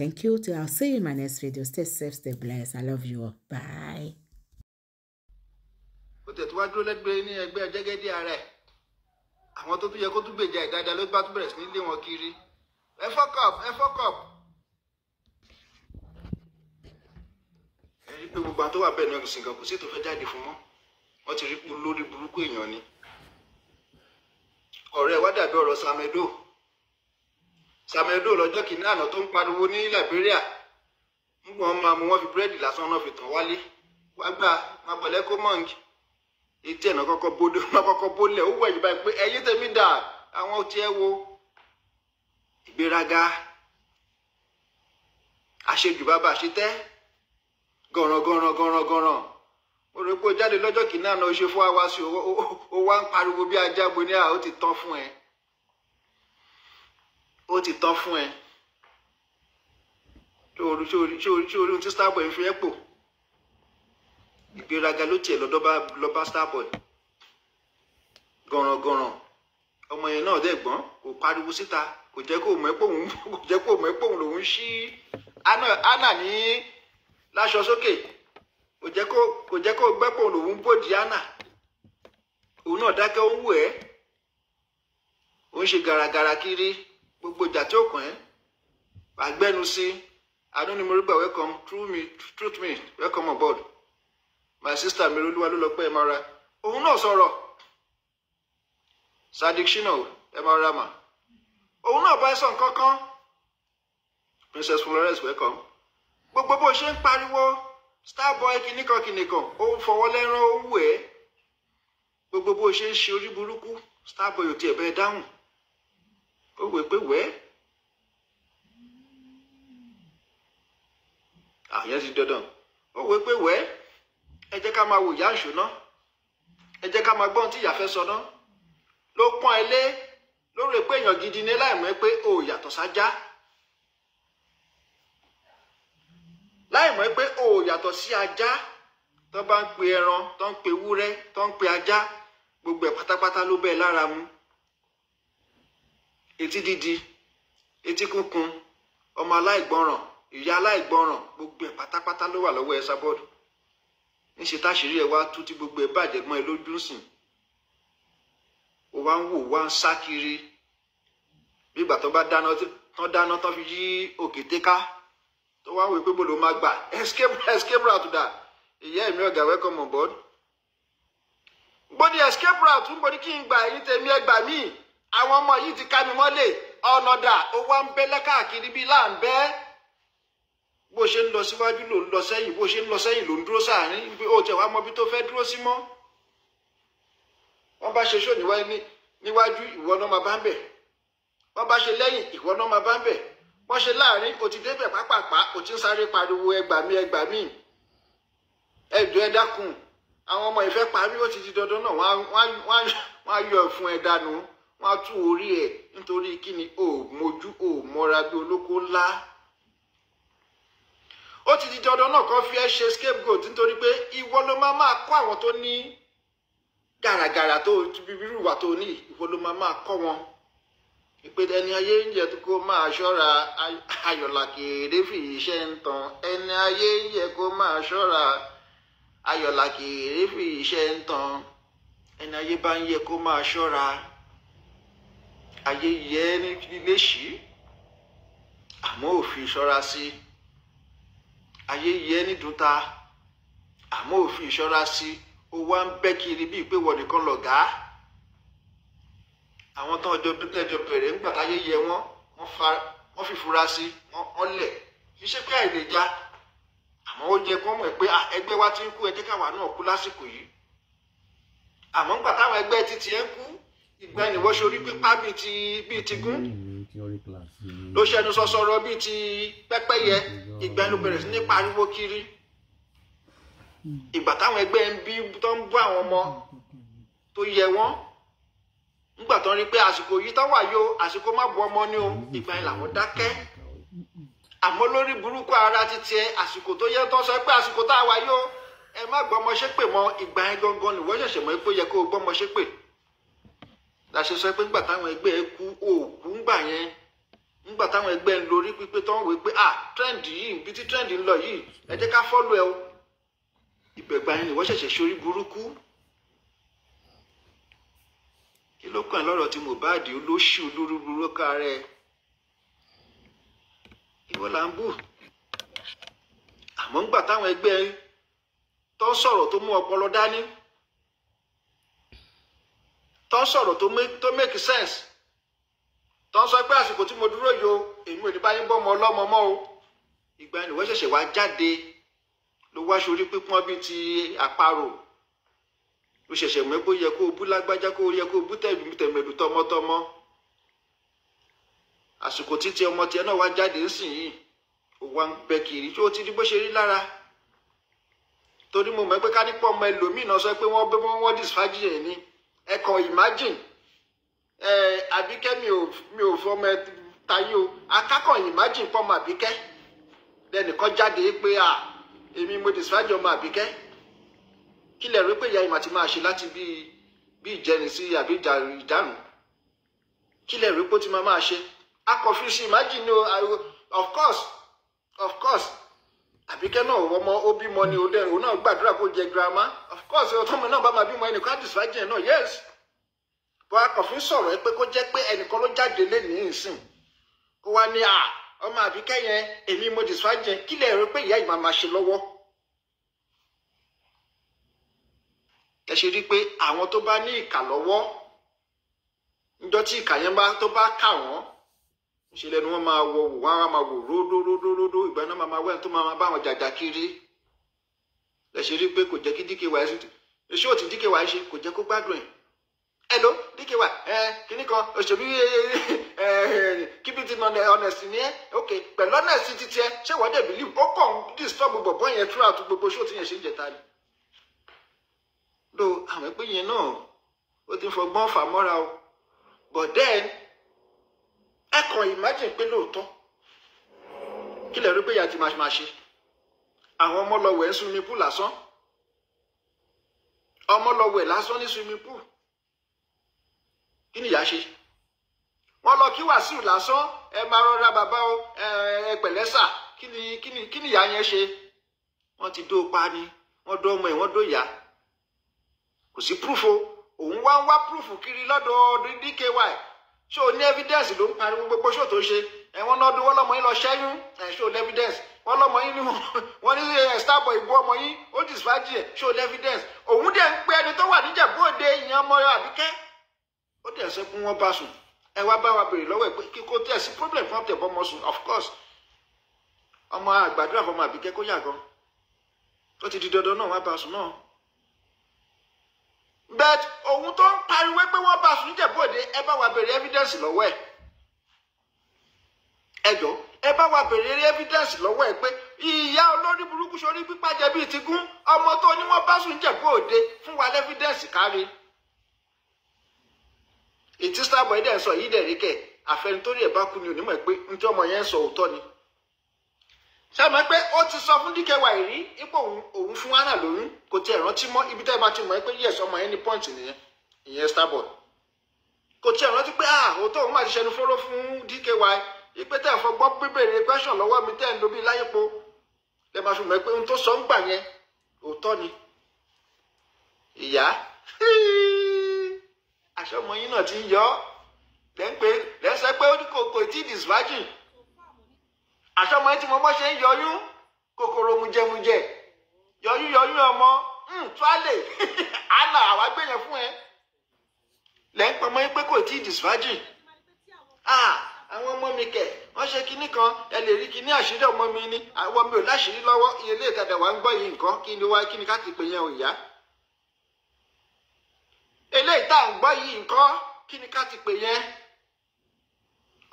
Thank you. Till I'll see you in my next video. Stay safe, stay blessed. I love you all. Bye. àwọn tó tún yẹ kó tún gbèjà ìdájà ló bá tún bẹ̀rẹ̀ sí ní lé wọn kiri ẹ fọ́kọ̀p ẹ fọ́kọ̀p. ẹ rí i pé gbogbo àtọ́wà bẹ́ẹ̀ ni ọ̀gùn sìnkàn kò sí ètò fẹ́ jáde fún mọ́ wọ́n ti rí i pé olórí burúkú èèyàn ni ọ̀rẹ́ wa dàbí ọ̀rọ̀ Sam Samuel Doe lọ́jọ́ kìíní àná tó ń pariwo ní Liberia nígbà wọn máa mú wọn fi búrẹ́dì lásán náà fi tàn wálé wá gbà má pẹ̀lẹ́ kó mọ̀ǹg etí ẹ̀ náà kọ́kọ́ bóde náà kọ́kọ́ bólẹ̀ ó wẹ̀yìn báyìí pé ẹ̀yìn tèmi dà àwọn tí ẹ wo ìgbéraga àṣejù bàbá àṣetẹ́ gọ̀rọ̀gọ̀rọ̀gọ̀rọ̀gọ̀rọ̀ mo rò pé o jáde lọ́jọ́ kìíní àná o ṣe fún wa wá sí o wá ń pariwo bí ajá bo ní à ó ti tán fún ẹ ó ti tán fún ẹ ṣóorí ṣóorí ṣóorí ṣóorí ohun tí starboy ń fi ẹ́ pò ìgbéraga ló tiẹ̀ lọ́dọ́ bá lọ bá starboy gọ̀rọ̀gọ̀rọ̀ ọmọ yẹn náà dẹ̀ gbọ́n kò pariwo síta kò jẹ́ kó mọ̀ ẹ́ pòun kò jẹ́ kó mọ̀ ẹ́ pòun lòun ṣí ana ní láṣọ sókè kò jẹ́ kó kò jẹ́ kó gbẹ́ pòun lòun bòdì ana òun náà dákẹ́ ó ń wù ẹ́ ó ṣe gàràgàrà kiri gbogbo ìjà tí ó kàn ẹ́ àgbẹ́nu sí adúnimọ̀rúgbà welcome through me truth me welcome aboard my sister mi olúwa ló lọ pé ẹ máa ra òun náà sọ̀rọ̀ Sadiq Shina ẹ máa ra mà òun náà bá ẹ sọ nǹkan kan Princess Florence welcome gbogbo bó ṣe ń pariwo starboy kìnìkan kìnìkan ó ń fọwọ́ lẹ́rán ó wù ẹ́ gbogbo bó ṣe ń ṣe orí burúkú starboy ò tiẹ̀ bẹ́ẹ̀ dáhùn ó wèé pé wẹ́ẹ́ àyẹ́ ti dandan ó wèé pé wẹ́ẹ́ ẹ jẹ́ ká máa wò ìyá ìṣúná ẹ jẹ́ ká máa gbọ́ ohun tí ìyá fẹ́ sọ ná ló pọ́n ẹ lé lórí pé èèyàn gidi ni láìmọ̀ ẹ pé o yàtọ̀ sájá láìmọ̀ ẹ pé o yàtọ̀ sí ajá tó bá ń pe ẹran tó ń pe ewúrẹ́ tó ń pe ajá gbogbo ẹ̀ pátápátá ló bẹ́ẹ̀ lára mu etí dídi etí kúnkún ọmọ aláìgbọràn ìyá aláìgbọràn gbogbo ẹ̀ pátápátá ló wà lọ́wọ́ Esabod níṣẹ táṣírí ẹ̀ wá tú tí gbogbo ẹ̀ bàjẹ́ gbọ́n ẹ lójú sìn ó wá ń wò wá ń sá kiri bí ìgbà tó bá dáná tán dáná tán fi yí òkété ká tó wá ń wò pé bó ló máa gbà escape escape route dà ìyá èmi ọ̀gá welcome on board bó ni escape route ń bọ̀ ní kí n gbà yín tèmi ẹgbàá míì àwọn ọmọ yìí ti ká mi mọ́lẹ̀ ọ̀nàdà ó wá ń bẹ́lẹ́ káàkiri bíi láǹbẹ́ bó ṣe ń lọ síwájú ló ń lọ sẹ́yìn bó ṣe ń lọ sẹ́yìn ló ń dúró sáàrin ó tẹ̀ wá mọ́bí tó fẹ́ dúró sí mọ́ wọ́n bá ṣe ṣó níwájú ìwọ náà máa bá ń bẹ̀ wọ́n bá ṣe lẹ́yìn ìwọ náà máa bá ń bẹ̀ wọ́n ṣe láàrin o ti débẹ̀ pápápá o ti ń sáré pariwo ẹgbà mí ẹgbà mí ẹ̀dọ́ ẹ dákun àwọn ọmọ ìfẹ́ parí ó ti di dandan náà wọ́n á yọ ẹ̀fun ẹ̀ dànù wọ́n á tú orí ẹ̀ nítorí kí ni ò mojú ò mọ́ra bí olóko ńlá ó ti di dandan náà kó fi ẹ ṣe goat nítorí pé ìwọ ló máa máa kọ́ àwọn tó ní gàràgàrà tó bíbírù wà tó ní ìwọ ló máa máa kọ́ wọn ìpèdè ẹni ayé ń yẹ kó máa ṣọ́ra ayọ̀là kèédé fi iṣẹ́ ń tan ẹni ayé ń yẹ kó máa ṣọ́ra ayọ̀là kèédé fi iṣẹ́ ń tan ẹni ayé bá ń yẹ kó máa ṣọ́ra. ayé yẹ ẹ́ nílé ṣí àmọ́ òfin ìṣọ́ra sí ayé yẹ ẹ́ nídùúta àmọ́ òfin ìṣọ́ra sí ó wá ń bẹ́ kiri bíi pé wọ́n nìkan lọ̀gá àwọn tán ọjọ́ ẹjọ́ bẹ̀rẹ̀ ńgbà táyé yẹ wọ́n wọ́n fi fura sí wọ́n lẹ̀ kì ṣe pé àìlèjà àmọ́ ó jẹ kọ́ mọ̀ pé ẹgbẹ́ wa ti ń kú ẹ jẹ́ káwa náà kú lásìkò yìí àmọ́ ńgbà táwọn ẹgbẹ́ títí ẹ ń kú ìgbẹ́ni wọ́n ṣe orí pípa bíi ti bíi ti gún ló ṣẹnu sọsọrọ bíi ti pẹ́pẹ́yẹ ìgbẹ́ni bẹ̀rẹ̀ sí ní pariwo kiri ìgbà táwọn ẹgbẹ́ ń bí tó ń bú àwọn ọmọ tó yẹ wọ́n nígbà tó ń rí pé àsìkò yìí tó wà yó àsìkò má bu ọmọ ni o ìgbà yẹn làwọn dákẹ́ àmọ́ lórí burúkú ara títí ẹ àsìkò tó yẹ tó sọ pé àsìkò tá a wà yó ẹ má gbọ́mọṣépè mọ́ ìgbà yẹn gangan nìwọ ṣẹ̀ṣẹ̀ mọ̀ pé yẹ kó o gbọ́mọṣépè la ṣe sọ pé ńgbà táwọn ẹgbẹ́ ẹ kú òkú ńgbà yẹn ńgbà táwọn ẹgbẹ́ ń lórí pípé tó ń wé pé ah trend yìí ibi tí trend ń lọ yìí ẹ jẹ́ ká fọ́lù ẹ o ìbẹ̀gbà yẹn nìwọ́n ṣẹ̀ṣẹ̀ ṣorí burúkú kí ló kàn lọ́rọ̀ tí Mohbad olóṣù olórúburú ká ìwọ là ń bù àmọ́ ńgbà táwọn ẹgbẹ́ tó sọ̀rọ̀ tó mú ọpọlọ dání tó ń sọ̀rọ̀ tó make sense tó ń sọ pé àsìkò tí mo dúró yo èmi ò ní bá yín bọ́ ọmọ ọlọ́mọ mọ́ o ìgbà ni wọ́n ṣẹ̀ṣẹ̀ wá jáde ló wá sórí pípọ́n bíi ti àparò ó ṣẹ̀ṣẹ̀ mọ́ pé ó yẹ kó o bú lágbájá kó o yẹ kó o bú tẹ̀lú tẹ̀mẹ̀lú tọmọtọmọ àsìkò títí ọmọ tiẹ̀ náà wá jáde nísìnyí ó wá ń bẹ kiri tí ó ti di bó ṣe rí lára torí mo mọ̀ pé ká nípa ọmọ ẹlòmíì náà sọ pé wọ́n bẹ́ wọ́n wọ́n dìsájì ẹ̀ ni ẹ kọ imagine ẹ àbíkẹ́ mi ò mi ò fọmọ ẹ tayé o akákọ̀ imagine pọ́mọ àbíkẹ́ lẹ́nìkan jáde pé a. èmi mo describe ọmọ àbíkẹ́ kí lẹ rí pé ìyá ìmọ̀ àti máa ṣe láti bí bí ìjẹrìnsí àbí ìdánù kí lẹ rí pé ó ti máa máa ṣe akọ̀fin sí imagine o of course of course àbíkẹ́ náà ọmọ ó bímọ ni òde òun náà gbàdúrà kó jẹ girama of course ọtọ́mọ náà bá máa bímọ ẹnìkan àdìsájẹ náà yes bó a kàn fi sọ̀rọ̀ ẹ pé kó jẹ́ pé ẹnìkan ló jáde lénìí ìsìn kó wá ní à ọmọ àbíkẹ́ yẹn èmi mo dìsájẹ kí lè rí pé ìyá ìmọ̀ máa ṣe lọ́wọ́. ẹ ṣe rí i pé àwọn tó bá ní ìkà lọ́wọ́ níjọ́ tí ìkà yẹn bá tó bá kà wọ́n ṣe lẹnu wọn máa wọ wò wọn á máa wò ródóródóródó ìgbà náà máa wẹ́n tó máa bá wọn jàjà kiri ẹ ṣe rí pé kò jẹ́ kí DKY ṣe ṣé òtí DKY ṣe kò jẹ́ kó gbádùn ẹ̀ hello DKY ẹ kíní kan òṣèlú ẹ keep it honest ni ẹ ok pẹ̀lú honest títí ẹ ṣé wọ́n dẹ̀ believe ó kàn disturb bọ̀bọ̀ yẹn throughout gbogbo ṣó ti yẹn ṣe ń jẹta ni. lo àwọn ẹgbẹ́ yẹn náà ó ti fọgbọ́n fà mọ́ra o but then ẹ kàn imagine pé lóòótọ́ kí lè rí pé ìyá ti máa ṣe àwọn ọmọ lọ wẹ̀ ń sunmi pool lásán ọmọ lọ wẹ̀ lásán ní sunmi pool kí ni ìyá ṣe wọ́n lọ kí wàsíù lásán ẹ máa rọra bàbá o ẹ pẹ̀lẹ́ sà kí ni kí ni kí ni ìyá yẹn ṣe wọ́n ti dó pa ni wọ́n dó ọmọ ẹ̀ wọ́n dó ìyá kò sí proof o òun wá ń wá proof kiri lọ́dọ̀ dky ṣé o ní evidence ló ń pariwo gbogbo ṣó tó ṣe ẹ̀wọ̀n náà dúró lọ́mọ yín lọ ṣẹ́yún ṣó o ní evidence wọ́n lọ́mọ yín ní wọ́n ní starboy ìbú ọmọ yín ó dìsfájì ẹ̀ ṣó o ní evidence òun dẹ̀ ń pe ẹni tó wà níjẹ̀bú òde ìyẹn ọmọ àbíkẹ́ ó dẹ̀ ṣe kún wọn bá sùn ẹ wá bá wa béèrè lọ́wọ́ ẹ̀ pé kíkó tẹ̀ sí problem fún ọ̀tẹ̀ bọ́mọ sùn of course ọmọ àgbàdo àfọmọ àbíkẹ́ kó yà gan ó ti di dandan náà wá bá sùn náà but òun tó ń pariwo pé wọ́n bá sùn jẹ̀bọ́dé ẹ bá wa bèrè evidence lọ́wọ́ ẹ̀ ẹ jọ ẹ bá wa bèrè evidence lọ́wọ́ ẹ pé ìyá olórí burúkú sórí pípàjẹ bíi ti gún ọmọ tó ní wọ́n bá sùn jẹ̀bọ́dé fún wa lẹ́fídẹ́ǹsì kárí ìtí sábà ẹ̀dẹ̀ sọ yìí dẹ̀ rí kẹ̀ àfẹnitórí ẹ̀ bá kú ni onímọ̀ pé ntí ọmọ yẹn ń sọ òótọ́ ni. sàmọ́ pé ó ti sọ fún DKY rí ipò fún hannah lóyún kò tiẹ̀ rántí mọ́ ibi tẹ́ ẹ ti yes ọmọ yẹn ní point nìyẹn ìyẹn starboard kò tiẹ̀ rántí pé ah òótọ́ òun máa ti fọ́rọ́ fún dky ipe tẹ́ ẹ fọgbọ́ bíbèrè question lọ́wọ́ mi tẹ́ ẹ ń lo bíi láyépo lẹ́ máa fi mọ̀ pé ohun tó sọ ń gbà ni ìyá àṣọmọ yín náà ti ń yọ lẹ́ńpẹ́ lẹ́sẹ̀ pé ó ní kòkò tí ń kòkòrò yọyún yọyún ọmọ hmm, tuale Ana, àwa gbé yẹn fún ẹ lẹ́ ń pamọ́ pé kò tí ì disfagin àwọn ọmọ mi kẹ̀ wọ́n ṣe kinní kan ẹ lè rí kinní àṣírí ọmọ mi ni àwọn mi ò láṣìírí lọ́wọ́ iye ilé ìtajà wa ń gbọ́ yìí nǹkan kí ni wá kí ni ká ti pè yẹn ò yá eléyìí tá à ń gbọ́ yìí nǹkan kí ni ká ti pè yẹn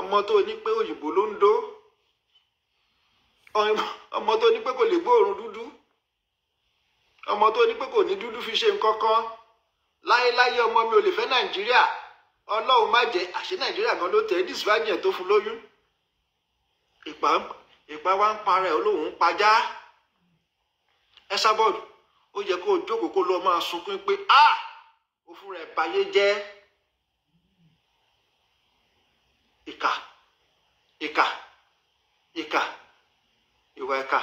ọmọ tó ní pé òyìnbó ló ń dó ọmọ tó ní pé kò lè gbóòórùn dúdú ọmọ tó ní pé kò ní dúdú fi ṣe nǹkan kan láyéláyé ọmọ mi ò lè fẹ́ nàìjíríà ọlọ́run má jẹ́ àṣẹ nàìjíríà gan ló tẹ̀ ẹ́ dísìfájì tó fún lóyún ìpá wa ń para ẹ̀ olóhùn ń pajá ẹ sábọ̀dù ó yẹ kó o jókòó kó lọ máa sunkún pé a ó fúnra ẹ̀ báyé jẹ́ ìkà ìkà ìkà ìwà ìkà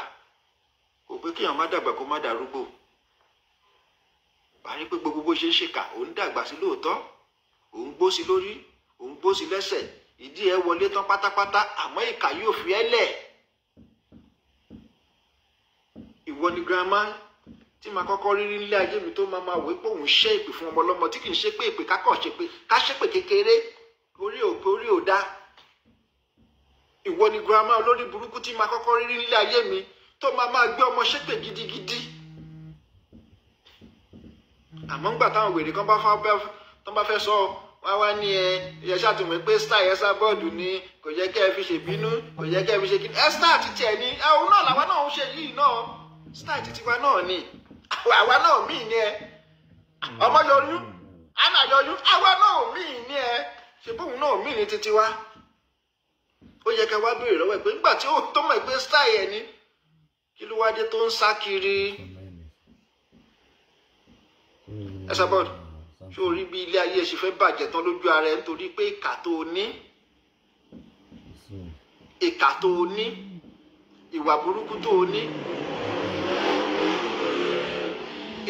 kò pé kéèyàn má dàgbà kó má darúgbó bá rí pé gbogbo bó ṣe ń ṣèkà òun dàgbà sí lóòótọ́ òun gbó sí lórí òun gbó sí lẹ́sẹ̀ ìdí ẹ wọlé tán pátápátá àmọ́ ìkà yóò fi ẹ́ lẹ̀. ìwọ ni girama tí màá kọ́kọ́ rí nílé ayé mi tó máa máa wò pé òun ṣe ìpè fún ọmọ ọlọ́mọ tí kì í ṣe pé ìpè kákọ̀ ṣe pé ká ṣe pé kékeré orí òpè orí òdá. ìwọ ni girama olórí burúkú tí màá kọ́kọ́ rí nílé ayé mi tó máa máa gbé ọmọ ṣépè gidigidi àmọ́ ńgbà táwọn wèrè kan bá fẹ́ sọ wá wá ní ẹ ẹ ṣàtìmọ̀ pé star ẹ̀sà bọ́ọ̀dù ni kò yẹ kẹ́ ẹ fi ṣèbínú kò yẹ kẹ́ ẹ fi ṣe kíni ẹ star tiẹ̀ ni ẹ òun náà làwa náà ń ṣe yìí náà star ti tiwa náà ni àwa náà míì ni ẹ ọmọ yọyún àná yọyún àwa náà míì ni ẹ ṣèbóhùn náà míì ni titi wa ó yẹ ká wá béèrè lọ́wọ́ ẹ pé nígbà tí ó tó mọ̀ pé star ẹ ni kí ló wá dé tó ń sá kiri. Esabod ṣé o rí bí ilé ayé ṣe fẹ́ bàjẹ́ tán lójú ara ẹ̀ nítorí pé ìkà tó o ní ìkà tó o ní ìwà burúkú tó o ní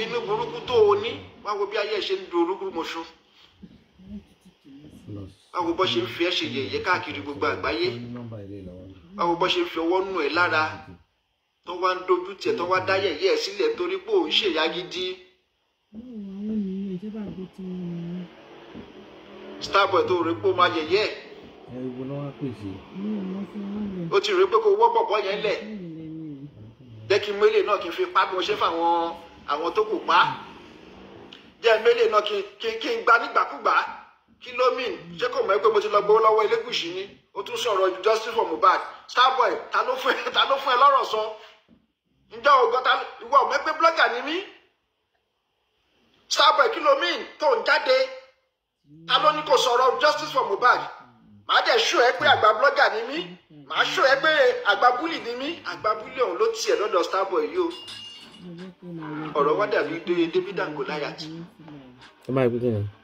inú burúkú tó o ní wá wo bí ayé ẹ ṣe ń do orúkú mọṣú wá wo bó ṣe ń fi ẹ ṣe yẹ̀yẹ́ káàkiri gbogbo àgbáyé wá wo bó ṣe ń fi ọwọ́ nù ẹ lára tó wá ń dojú tiẹ̀ tó wá dá yẹ̀yẹ́ ẹ sílẹ̀ torí pé òun ṣèyá gidi. Starboy tó rè pé ó máa yẹ̀yẹ́ ẹ̀. ẹ̀wò ló wá pèsè. o ti rè pé kò wọ́pọ̀ bọ́ yẹn lẹ̀ jẹ́ kí mélèé náà kí n fi pa bí mo ṣe fáwọn àwọn tó kù pa jẹ́ mélèé náà kí n gba nígbàkúgbà kí ló mìn ṣé kò mọ̀ pé mo ti lọ gbowó lọ́wọ́ Elégùṣì ni ó tún sọ̀rọ̀ justice for Mohbad Starboy ta ló fún ẹ ta ló fún ẹ lọ́rọ̀ sọ ǹjẹ́ ògbọ́n ta ìwọ ọ̀mẹ́gbẹ́ blọ́gà ni mí Starboy kí ló mìn tó ń jáde ta ló ní kò sọ̀rọ̀ justice for Mohbad màá dẹ̀ ṣó ẹ pé àgbà blọ́gà ni mí màá ṣó ẹ pé àgbà búlì ni mí àgbà búlì ọ̀hún ló tiẹ̀ lọ́dọ̀ starboy yìí o ọ̀rọ̀ wá dàbí David and Goliath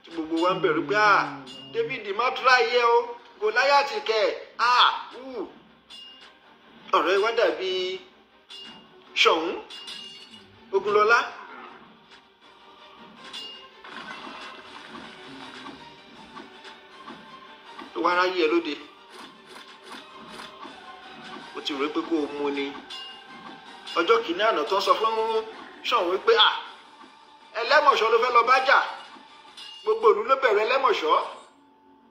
tí gbogbo wa ń bẹ̀rù pé ah David má tura yẹ o Goliath kẹ ah wù ọ̀rọ̀ wá dàbí ṣọ̀hún Ogunlọ́lá. tó wá ráyè ẹ lóde ó ti rò pé kó o mú ni ọjọ́ kìíní àná tó ń sọ fún Ṣọ̀ún wípé à ẹlẹ́mọ̀ṣọ́ ló fẹ́ lọ bá jà gbogbo ìlú ló bẹ̀rẹ̀ ẹlẹ́mọ̀ṣọ́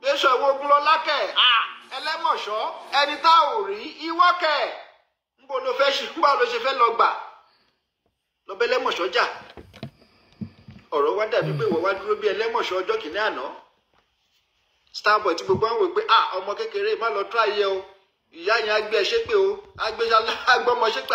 yéṣọ ìwọ ogun lọ lákẹ̀ à ẹlẹ́mọ̀ṣọ́ ẹni tá ò rí ìwọ kẹ̀ níbo ló fẹ́ ṣe níbo ló ṣe fẹ́ lọ gbà lọ́bẹ̀ ẹlẹ́mọ̀ṣọ́ jà ọ̀rọ̀ wá dàbí pé ìwọ wá dúró bí ẹlẹ́mọ̀ṣọ́ ọjọ́ kìíní àná starboy tí gbogbo àwọn wò pé ah ọmọ kékeré má lọ try yẹ o ìyá yẹn á gbé ẹ ṣépè o á gbé ṣálá á gbọ́mọ ṣépè.